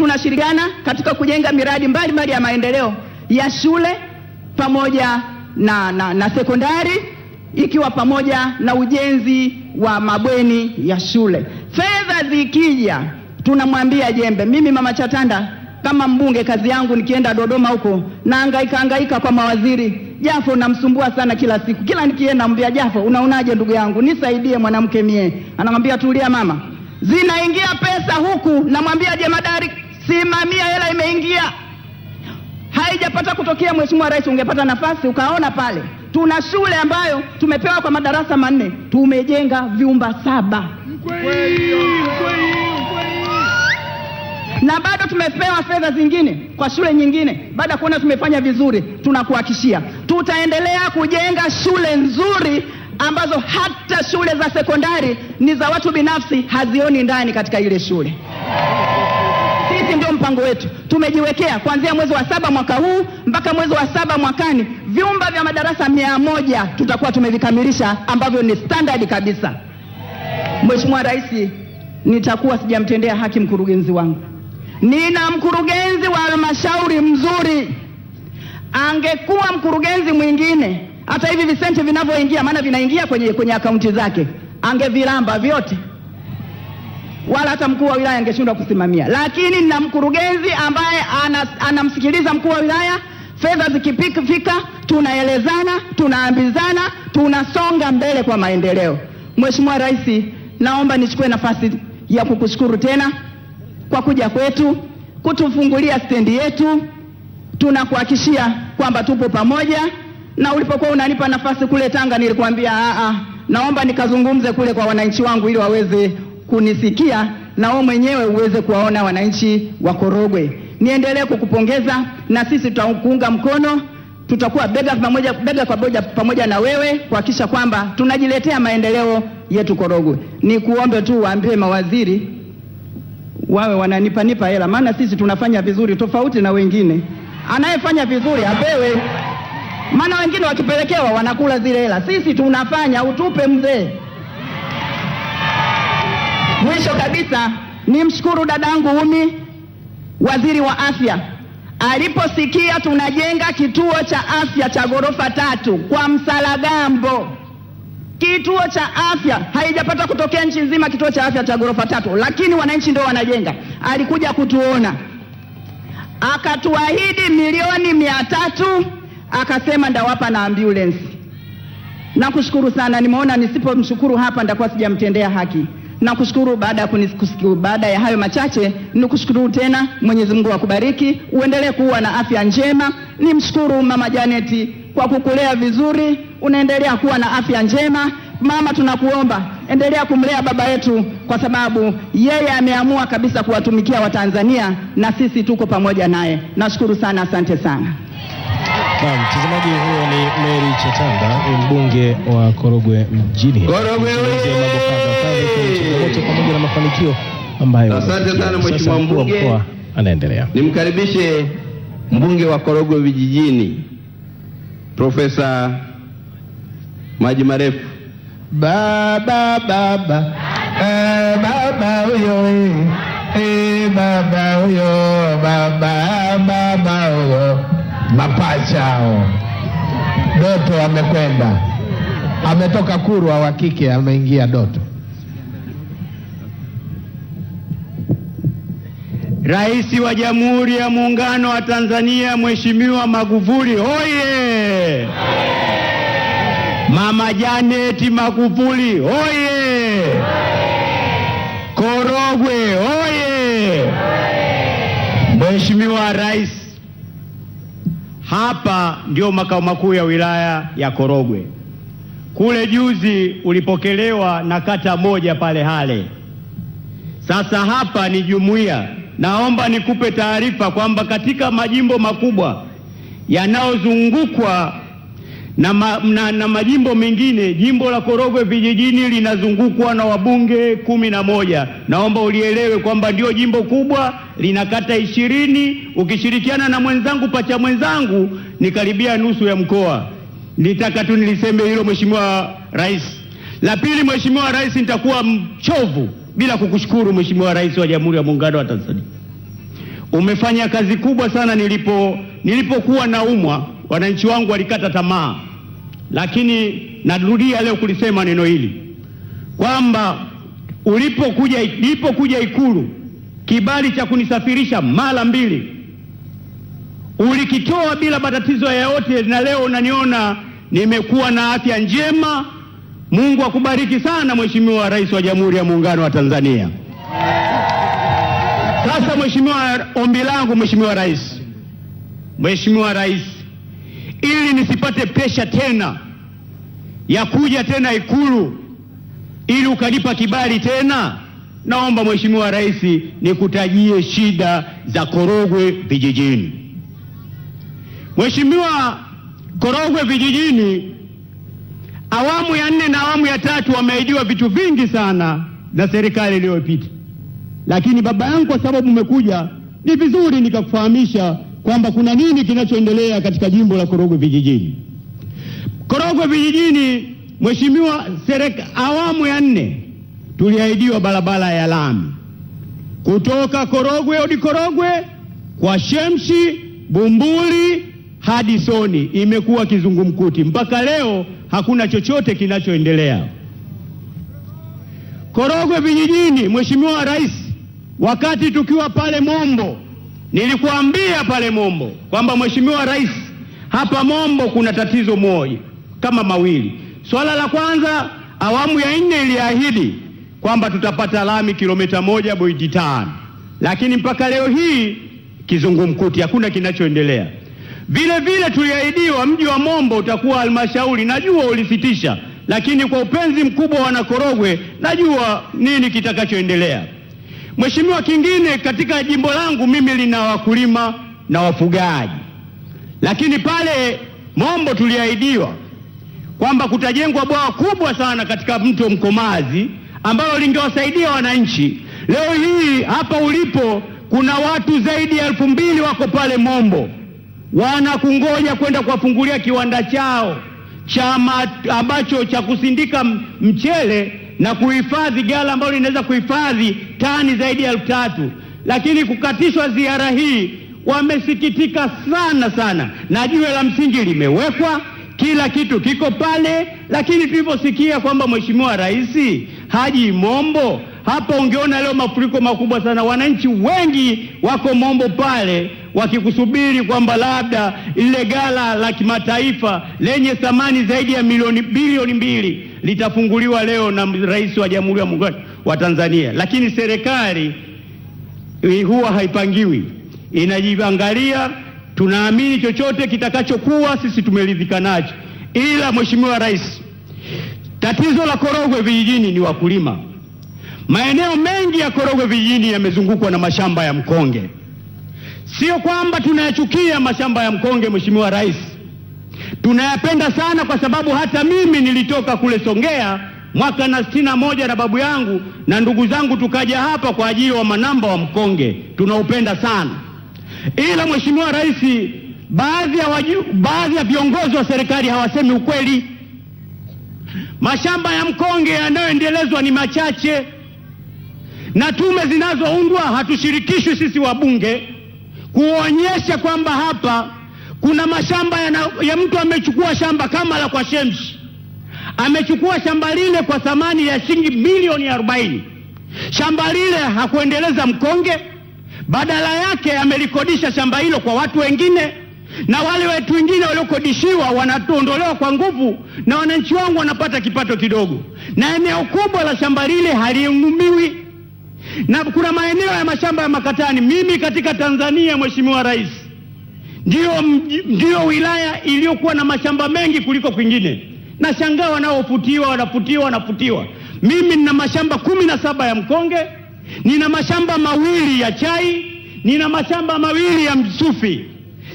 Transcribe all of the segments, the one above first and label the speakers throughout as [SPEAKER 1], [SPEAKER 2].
[SPEAKER 1] tunashirikiana katika kujenga miradi mbalimbali mbali ya maendeleo ya shule pamoja na, na, na sekondari ikiwa pamoja na ujenzi wa mabweni ya shule. Fedha zikija tunamwambia jembe. Mimi mama Chatanda kama mbunge, kazi yangu nikienda Dodoma huko nahangaika angaika kwa mawaziri, Jafo namsumbua sana kila siku, kila nikienda ambia Jafo, unaonaje ndugu yangu, nisaidie mwanamke mie, anamwambia tulia mama, zinaingia pesa huku, namwambia jemadari simamia, hela imeingia, haijapata kutokea. Mheshimiwa Rais, ungepata nafasi ukaona pale tuna shule ambayo tumepewa kwa madarasa manne, tumejenga vyumba saba na bado tumepewa fedha zingine kwa shule nyingine. Baada ya kuona tumefanya vizuri, tunakuhakishia tutaendelea kujenga shule nzuri ambazo hata shule za sekondari ni za watu binafsi hazioni ndani katika ile shule hizi ndio mpango wetu tumejiwekea kuanzia mwezi wa saba mwaka huu mpaka mwezi wa saba mwakani, vyumba vya madarasa mia moja tutakuwa tumevikamilisha ambavyo ni standard kabisa. Mheshimiwa Rais, nitakuwa sijamtendea haki mkurugenzi wangu. Nina mkurugenzi wa halmashauri mzuri, angekuwa mkurugenzi mwingine, hata hivi visenti vinavyoingia, maana vinaingia kwenye, kwenye akaunti zake, angeviramba vyote wala hata mkuu wa wilaya angeshindwa kusimamia, lakini na mkurugenzi ambaye anamsikiliza ana mkuu wa wilaya. Fedha zikifika tunaelezana, tunaambizana, tunasonga mbele kwa maendeleo. Mheshimiwa Rais, naomba nichukue nafasi ya kukushukuru tena kwa kuja kwetu kutufungulia stendi yetu. Tunakuhakishia kwamba tupo pamoja, na ulipokuwa unanipa nafasi kule Tanga nilikwambia, aa, naomba nikazungumze kule kwa wananchi wangu ili waweze kunisikia na wewe mwenyewe uweze kuwaona wananchi wa Korogwe. Niendelee kukupongeza na sisi tutakuunga mkono, tutakuwa bega pamoja, bega kwa bega pamoja na wewe kuhakikisha kwamba tunajiletea maendeleo yetu Korogwe. Nikuombe tu waambie mawaziri wawe wananipanipa hela, maana sisi tunafanya vizuri tofauti na wengine. Anayefanya vizuri apewe, maana wengine wakipelekewa wanakula zile hela. Sisi tunafanya utupe mzee. Mwisho kabisa nimshukuru dadangu Umi, waziri wa afya, aliposikia tunajenga kituo cha afya cha ghorofa tatu kwa Msaragambo. Kituo cha afya haijapata kutokea nchi nzima, kituo cha afya cha ghorofa tatu, lakini wananchi ndio wanajenga. Alikuja kutuona akatuahidi milioni mia tatu akasema ndawapa na ambulance. Nakushukuru sana, nimeona nisipomshukuru hapa nitakuwa sijamtendea haki. Nakushukuru baada ya kunisikia. Baada ya hayo machache, nikushukuru tena. Mwenyezi Mungu akubariki, uendelee kuwa na afya njema. Nimshukuru mama Janeti kwa kukulea vizuri, unaendelea kuwa na afya njema. Mama, tunakuomba endelea kumlea baba yetu, kwa sababu yeye ameamua kabisa kuwatumikia Watanzania na sisi tuko pamoja naye. Nashukuru sana, asante sana. Naam, mtazamaji, huyo ni Mary Chatanda, mbunge wa Korogwe mjini. Korogwe
[SPEAKER 2] changamoto pamoja na mafanikio ambayo. Asante sana mheshimiwa mbunge, anaendelea. Nimkaribishe mbunge wa Korogwe Vijijini, Profesa Maji Marefu. Baba baba eh, baba huyo eh, baba huyo baba baba huyo, mapacha Doto amekwenda ametoka Kurwa wa kike ameingia Doto. Rais wa Jamhuri ya Muungano wa Tanzania Mheshimiwa Magufuli hoye! Mama Janeti Magufuli hoye! Korogwe hoye! Mheshimiwa Rais, hapa ndio makao makuu ya wilaya ya Korogwe. Kule juzi ulipokelewa na kata moja pale Hale. Sasa hapa ni jumuiya Naomba nikupe taarifa kwamba katika majimbo makubwa yanayozungukwa na, ma, na, na majimbo mengine, jimbo la Korogwe vijijini linazungukwa na wabunge kumi na moja. Naomba ulielewe kwamba ndio jimbo kubwa, lina kata ishirini. Ukishirikiana na mwenzangu pacha mwenzangu ni karibia nusu ya mkoa. Nitaka tu niliseme hilo, Mheshimiwa Rais. La pili, Mheshimiwa Rais, nitakuwa mchovu bila kukushukuru Mheshimiwa Rais wa Jamhuri ya Muungano wa Tanzania. Umefanya kazi kubwa sana. Nilipo nilipokuwa naumwa, wananchi wangu walikata tamaa, lakini narudia leo kulisema neno hili kwamba ulipokuja nilipokuja Ikulu, kibali cha kunisafirisha mara mbili ulikitoa bila matatizo yoyote, na leo unaniona nimekuwa na afya njema. Mungu akubariki sana Mheshimiwa Rais wa Jamhuri ya Muungano wa Tanzania. Sasa Mheshimiwa, ombi langu Mheshimiwa Rais, Mheshimiwa Rais, ili nisipate pesha tena ya kuja tena Ikulu ili ukanipa kibali tena, naomba Mheshimiwa Rais nikutajie shida za Korogwe vijijini. Mheshimiwa, Korogwe vijijini Awamu ya nne na awamu ya tatu wameahidiwa vitu vingi sana na serikali iliyopita, lakini baba yangu, kwa sababu umekuja, ni vizuri nikakufahamisha kwamba kuna nini kinachoendelea katika jimbo la Korogwe Vijijini. Korogwe Vijijini, mheshimiwa, awamu ya nne tuliahidiwa barabara ya lami kutoka Korogwe hadi Korogwe kwa Shemshi Bumbuli hadi Soni imekuwa kizungumkuti mpaka leo, hakuna chochote kinachoendelea. Korogwe vijijini, Mheshimiwa Rais, wakati tukiwa pale Mombo, nilikuambia pale Mombo kwamba Mheshimiwa Rais, hapa Mombo kuna tatizo moja kama mawili. Swala la kwanza, awamu ya nne iliahidi kwamba tutapata lami kilomita moja boidi tano, lakini mpaka leo hii kizungumkuti, hakuna kinachoendelea. Vile vile tuliahidiwa mji wa Mombo utakuwa halmashauri. Najua ulisitisha, lakini kwa upenzi mkubwa wa Wanakorogwe najua nini kitakachoendelea. Mheshimiwa, kingine katika jimbo langu mimi lina wakulima na wafugaji, lakini pale Mombo tuliahidiwa kwamba kutajengwa bwawa kubwa sana katika mto Mkomazi ambalo lingewasaidia wananchi. Leo hii hapa ulipo kuna watu zaidi ya elfu mbili wako pale Mombo wanakungoja kwenda kuwafungulia kiwanda chao cha ambacho cha kusindika mchele na kuhifadhi gala ambalo linaweza kuhifadhi tani zaidi ya elfu tatu lakini kukatishwa ziara hii wamesikitika sana sana, na jiwe la msingi limewekwa, kila kitu kiko pale. Lakini tulivyosikia kwamba Mheshimiwa Rais Haji Mombo, hapa ungeona leo mafuriko makubwa sana, wananchi wengi wako Mombo pale wakikusubiri kwamba labda lile gala la kimataifa lenye thamani zaidi ya milioni bilioni mbili litafunguliwa leo na Rais wa Jamhuri ya Muungano wa Tanzania, lakini serikali huwa haipangiwi, inajiangalia. Tunaamini chochote kitakachokuwa sisi tumeridhika nacho, ila Mheshimiwa Rais, tatizo la Korogwe vijijini ni wakulima. Maeneo mengi ya Korogwe vijijini yamezungukwa na mashamba ya mkonge. Sio kwamba tunayachukia mashamba ya mkonge, Mheshimiwa Rais, tunayapenda sana, kwa sababu hata mimi nilitoka kule Songea mwaka na sitini na moja na babu yangu na ndugu zangu tukaja hapa kwa ajili wa manamba wa mkonge, tunaupenda sana. Ila Mheshimiwa Rais, baadhi ya waju, baadhi ya viongozi wa serikali hawasemi ukweli. Mashamba ya mkonge yanayoendelezwa ni machache, na tume zinazoundwa hatushirikishwi sisi wabunge kuonyesha kwamba hapa kuna mashamba ya, na, ya mtu amechukua shamba kama la kwa Shemsi, amechukua shamba lile kwa thamani ya shilingi bilioni arobaini. Shamba lile hakuendeleza mkonge, badala yake amelikodisha shamba hilo kwa watu wengine, na wale watu wengine waliokodishiwa wanatuondolewa kwa nguvu, na wananchi wangu wanapata kipato kidogo, na eneo kubwa la shamba lile halinumiwi na kuna maeneo ya mashamba ya makatani. Mimi katika Tanzania, Mheshimiwa Rais, ndiyo, ndiyo wilaya iliyokuwa na mashamba mengi kuliko kwingine. Nashangaa wanaofutiwa wanafutiwa wanafutiwa. Mimi nina mashamba kumi na saba ya mkonge, nina mashamba mawili ya chai, nina mashamba mawili ya msufi.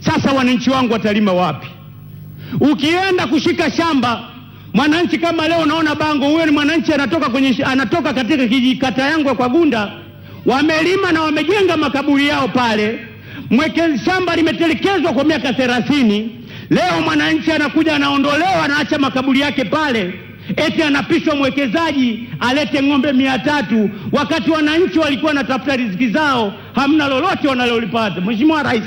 [SPEAKER 2] Sasa wananchi wangu watalima wapi? Ukienda kushika shamba Mwananchi kama leo unaona bango, huyo ni mwananchi anatoka kwenye, anatoka katika kijikata yangu kwa Gunda, wamelima na wamejenga makaburi yao pale, mweke shamba limetelekezwa kwa miaka thelathini. Leo mwananchi anakuja anaondolewa, anaacha makaburi yake pale, eti anapishwa mwekezaji alete ng'ombe mia tatu wakati wananchi walikuwa wanatafuta riziki zao, hamna lolote wanalolipata. Mheshimiwa Rais,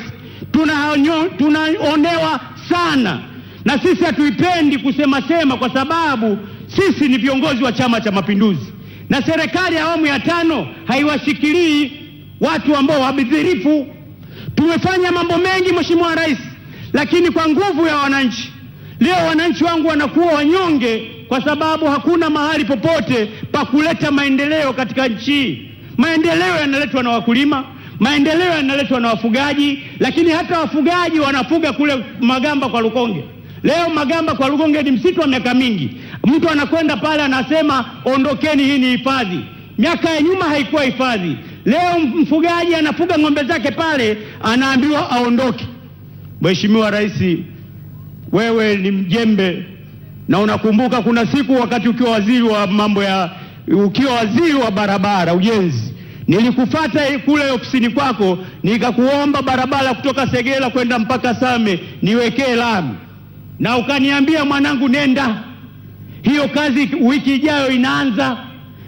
[SPEAKER 2] tunaonewa tuna sana na sisi hatuipendi kusema sema, kwa sababu sisi ni viongozi wa Chama cha Mapinduzi na serikali ya awamu ya tano haiwashikilii watu ambao wabidhirifu. Tumefanya mambo mengi, Mheshimiwa Rais, lakini kwa nguvu ya wananchi. Leo wananchi wangu wanakuwa wanyonge kwa sababu hakuna mahali popote pa kuleta maendeleo katika nchi hii. Maendeleo yanaletwa na wakulima, maendeleo yanaletwa na wafugaji, lakini hata wafugaji wanafuga kule Magamba kwa Lukonge. Leo Magamba kwa Lugonge ni msitu wa miaka mingi. Mtu anakwenda pale anasema ondokeni, hii ni hifadhi. Miaka ya nyuma haikuwa hifadhi. Leo mfugaji anafuga ng'ombe zake pale anaambiwa aondoke. Mheshimiwa Rais, wewe ni mjembe na unakumbuka kuna siku wakati ukiwa waziri wa mambo ya ukiwa waziri wa barabara ujenzi, nilikufata kule ofisini kwako nikakuomba barabara kutoka Segera kwenda mpaka Same niwekee lami na ukaniambia mwanangu, nenda hiyo kazi wiki ijayo inaanza,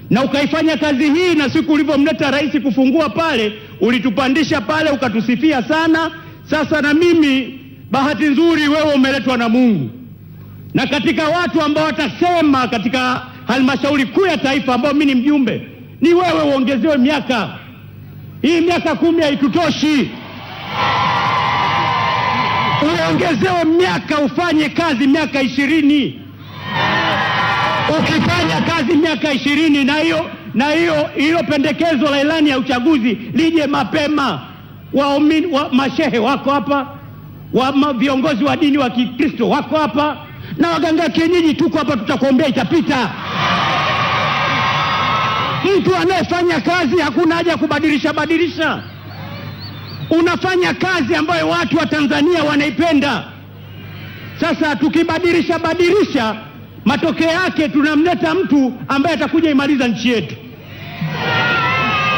[SPEAKER 2] na ukaifanya kazi hii, na siku ulivyomleta rais kufungua pale ulitupandisha pale, ukatusifia sana. Sasa na mimi bahati nzuri, wewe umeletwa na Mungu, na katika watu ambao watasema katika halmashauri kuu ya taifa ambao mimi ni mjumbe, ni wewe uongezewe miaka hii. Miaka kumi haitutoshi uongezewe miaka ufanye kazi miaka ishirini. Ukifanya kazi miaka ishirini na hiyo na hiyo hilo pendekezo la ilani ya uchaguzi lije mapema. Waumini wa mashehe wako hapa, wa viongozi wa dini wa Kikristo wako hapa, na waganga kienyeji tuko hapa, tutakuombea itapita. Mtu anayefanya kazi hakuna haja ya kubadilisha badilisha unafanya kazi ambayo watu wa Tanzania wanaipenda. Sasa tukibadilisha badilisha, matokeo yake tunamleta mtu ambaye atakuja imaliza nchi yetu.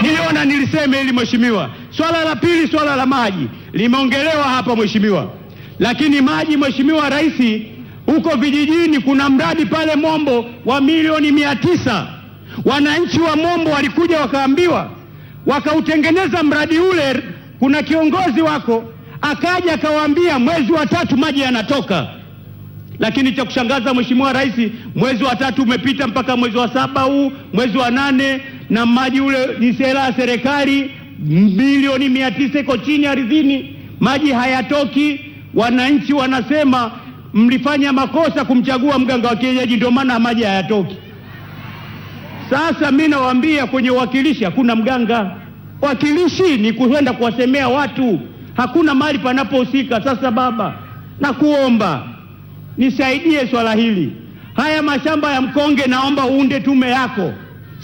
[SPEAKER 2] Niliona niliseme hili mheshimiwa. Swala la pili, swala la maji limeongelewa hapa mheshimiwa, lakini maji mheshimiwa Rais, huko vijijini kuna mradi pale Mombo wa milioni mia tisa. Wananchi wa Mombo walikuja wakaambiwa, wakautengeneza mradi ule kuna kiongozi wako akaja akawaambia mwezi wa tatu maji yanatoka, lakini cha kushangaza Mheshimiwa Rais, mwezi wa tatu umepita mpaka mwezi wa saba huu, mwezi wa nane, na maji ule ni sera ya serikali, milioni mia tisa iko chini ardhini, maji hayatoki. Wananchi wanasema mlifanya makosa kumchagua mganga wa kienyeji, ndio maana maji hayatoki. Sasa mi nawaambia kwenye uwakilishi hakuna mganga Wakilishi ni kuenda kuwasemea watu, hakuna mahali panapohusika. Sasa baba, nakuomba nisaidie swala hili. Haya mashamba ya mkonge, naomba uunde tume yako,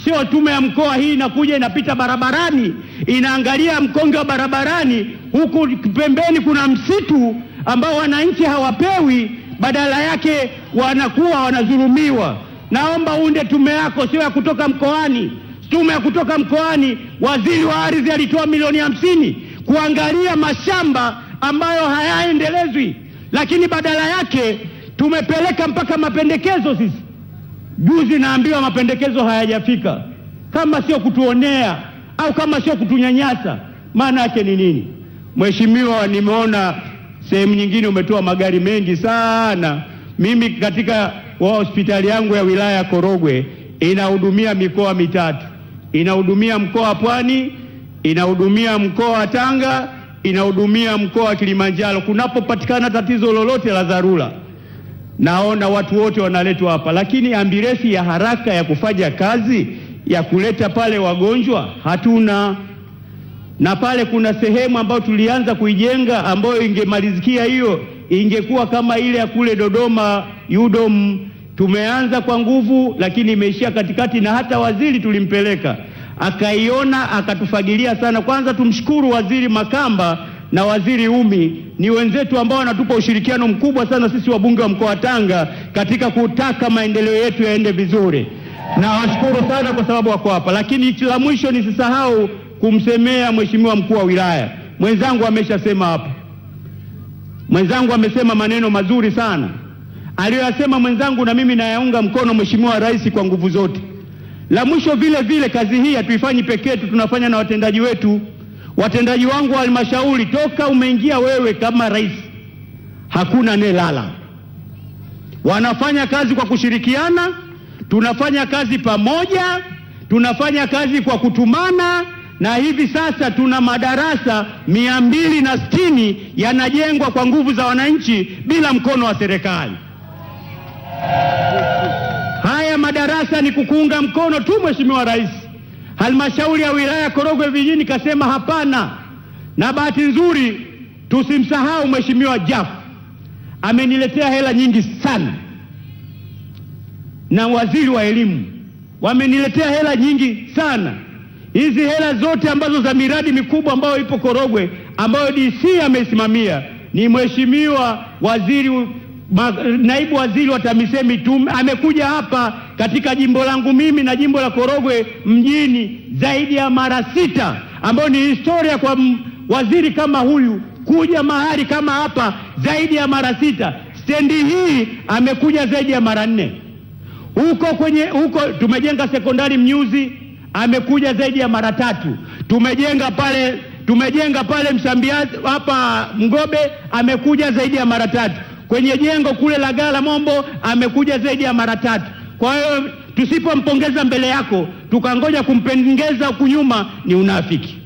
[SPEAKER 2] sio tume ya mkoa. Hii inakuja inapita barabarani, inaangalia mkonge wa barabarani, huku pembeni kuna msitu ambao wananchi hawapewi, badala yake wanakuwa wanadhulumiwa. Naomba uunde tume yako, sio ya kutoka mkoani tume ya kutoka mkoani, waziri wa ardhi alitoa milioni hamsini kuangalia mashamba ambayo hayaendelezwi, lakini badala yake tumepeleka mpaka mapendekezo sisi. Juzi naambiwa mapendekezo hayajafika. Kama sio kutuonea au kama sio kutunyanyasa, maana yake ni nini? Mheshimiwa, nimeona sehemu nyingine umetoa magari mengi sana. Mimi katika wa hospitali yangu ya wilaya ya Korogwe inahudumia mikoa mitatu inahudumia mkoa wa Pwani, inahudumia mkoa wa Tanga, inahudumia mkoa wa Kilimanjaro. Kunapopatikana tatizo lolote la dharura, naona watu wote wanaletwa hapa, lakini ambulensi ya haraka ya kufanya kazi ya kuleta pale wagonjwa hatuna, na pale kuna sehemu ambayo tulianza kuijenga ambayo ingemalizikia hiyo, ingekuwa kama ile ya kule Dodoma Yudom Tumeanza kwa nguvu, lakini imeishia katikati, na hata waziri tulimpeleka akaiona, akatufagilia sana. Kwanza tumshukuru Waziri Makamba na Waziri Umi, ni wenzetu ambao wanatupa ushirikiano mkubwa sana sisi wabunge wa mkoa wa Tanga katika kutaka maendeleo yetu yaende vizuri, na washukuru sana kwa sababu wako hapa. Lakini la mwisho nisisahau kumsemea mheshimiwa mkuu wa wilaya mwenzangu, ameshasema hapa, mwenzangu amesema maneno mazuri sana aliyoyasema mwenzangu na mimi nayaunga mkono Mheshimiwa Rais kwa nguvu zote. La mwisho vile vile, kazi hii hatuifanyi peke yetu, tunafanya na watendaji wetu. Watendaji wangu wa halmashauri, toka umeingia wewe kama rais, hakuna anayelala, wanafanya kazi kwa kushirikiana, tunafanya kazi pamoja, tunafanya kazi kwa kutumana, na hivi sasa tuna madarasa mia mbili na sitini yanajengwa kwa nguvu za wananchi bila mkono wa serikali. darasa ni kukuunga mkono tu Mheshimiwa Rais. Halmashauri ya wilaya Korogwe Vijijini kasema hapana, na bahati nzuri tusimsahau Mheshimiwa jafu ameniletea hela nyingi sana, na waziri wa elimu wameniletea hela nyingi sana. Hizi hela zote ambazo za miradi mikubwa ambayo ipo Korogwe ambayo DC ameisimamia ni Mheshimiwa Waziri naibu waziri wa TAMISEMI tume amekuja hapa katika jimbo langu mimi na jimbo la Korogwe mjini zaidi ya mara sita, ambayo ni historia kwa waziri kama huyu kuja mahali kama hapa zaidi ya mara sita. Stendi hii amekuja zaidi ya mara nne. Huko kwenye huko tumejenga sekondari Mnyuzi, amekuja zaidi ya mara tatu. Tumejenga pale tumejenga pale Msambiazi hapa Mgobe, amekuja zaidi ya mara tatu kwenye jengo kule la Gala Mombo amekuja zaidi ya mara tatu. Kwa hiyo tusipompongeza mbele yako tukangoja kumpongeza huku nyuma ni unafiki.